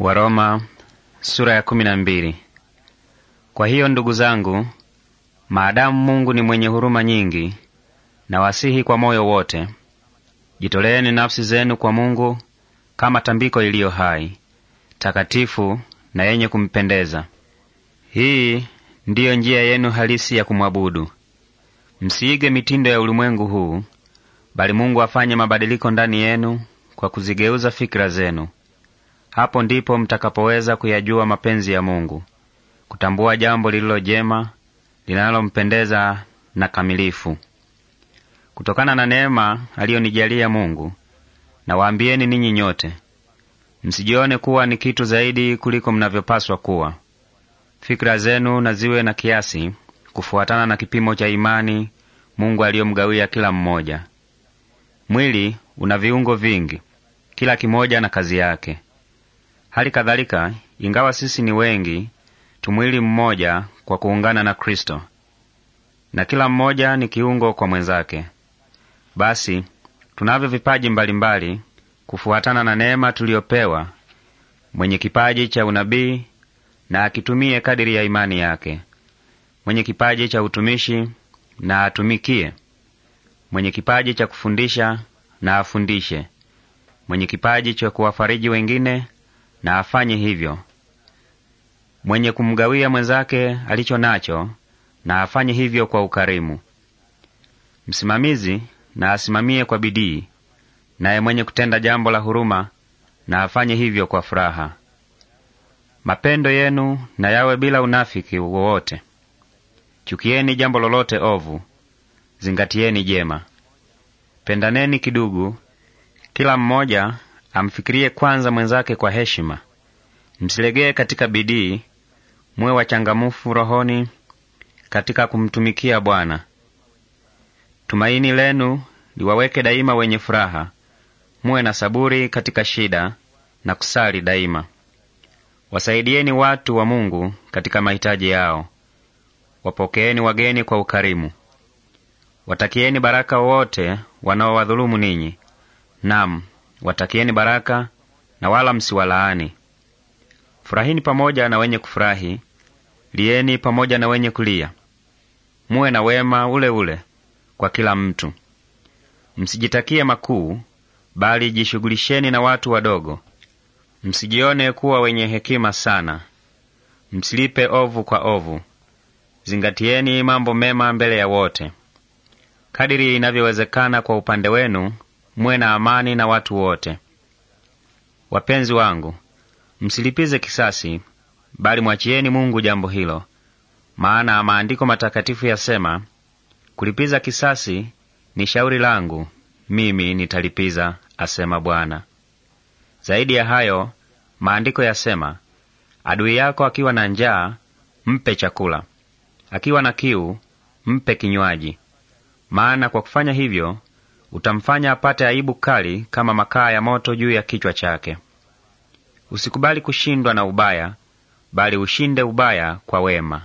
Waroma sura ya kumi na mbili. Kwa hiyo ndugu zangu, maadamu Mungu ni mwenye huruma nyingi, na wasihi kwa moyo wote, jitoleeni nafsi zenu kwa Mungu kama tambiko iliyo hai, takatifu na yenye kumpendeza. Hii ndiyo njia yenu halisi ya kumwabudu. Msiige mitindo ya ulimwengu huu, bali Mungu afanye mabadiliko ndani yenu kwa kuzigeuza fikira zenu hapo ndipo mtakapoweza kuyajua mapenzi ya Mungu, kutambua jambo lililo jema, linalompendeza na kamilifu. Kutokana na neema aliyonijalia Mungu, nawaambieni ninyi nyote, msijione kuwa ni kitu zaidi kuliko mnavyopaswa kuwa. Fikra zenu na ziwe na kiasi kufuatana na kipimo cha imani Mungu aliyomgawia kila mmoja. Mwili una viungo vingi, kila kimoja na kazi yake. Hali kadhalika, ingawa sisi ni wengi, tumwili mmoja kwa kuungana na Kristo, na kila mmoja ni kiungo kwa mwenzake. Basi tunavyo vipaji mbalimbali mbali, kufuatana na neema tuliyopewa, mwenye kipaji cha unabii na akitumie kadiri ya imani yake, mwenye kipaji cha utumishi na atumikie, mwenye kipaji cha kufundisha na afundishe, mwenye kipaji cha kuwafariji wengine na afanye hivyo. Mwenye kumgawia mwenzake alicho nacho na afanye hivyo kwa ukarimu. Msimamizi na asimamie kwa bidii, naye mwenye kutenda jambo la huruma na afanye hivyo kwa furaha. Mapendo yenu na yawe bila unafiki wowote. Chukieni jambo lolote ovu, zingatieni jema. Pendaneni kidugu, kila mmoja amfikirie kwanza mwenzake kwa heshima. Msilegee katika bidii, muwe wachangamufu rohoni katika kumtumikia Bwana. Tumaini lenu liwaweke daima wenye furaha, muwe na saburi katika shida na kusali daima. Wasaidieni watu wa Mungu katika mahitaji yao, wapokeeni wageni kwa ukarimu. Watakieni baraka wote wanaowadhulumu ninyi, nam Watakieni baraka na wala msiwalaani. Furahini pamoja na wenye kufurahi, lieni pamoja na wenye kulia. Muwe na wema ule ule kwa kila mtu. Msijitakie makuu, bali jishughulisheni na watu wadogo. Msijione kuwa wenye hekima sana, msilipe ovu kwa ovu. Zingatieni mambo mema mbele ya wote. Kadiri inavyowezekana kwa upande wenu, mwe na amani na watu wote. Wapenzi wangu, msilipize kisasi, bali mwachieni Mungu jambo hilo, maana maandiko matakatifu yasema, kulipiza kisasi ni shauri langu, mimi nitalipiza, asema Bwana. Zaidi ya hayo, maandiko yasema, adui yako akiwa na njaa mpe chakula, akiwa na kiu mpe kinywaji, maana kwa kufanya hivyo utamfanya apate aibu kali kama makaa ya moto juu ya kichwa chake. Usikubali kushindwa na ubaya, bali ushinde ubaya kwa wema.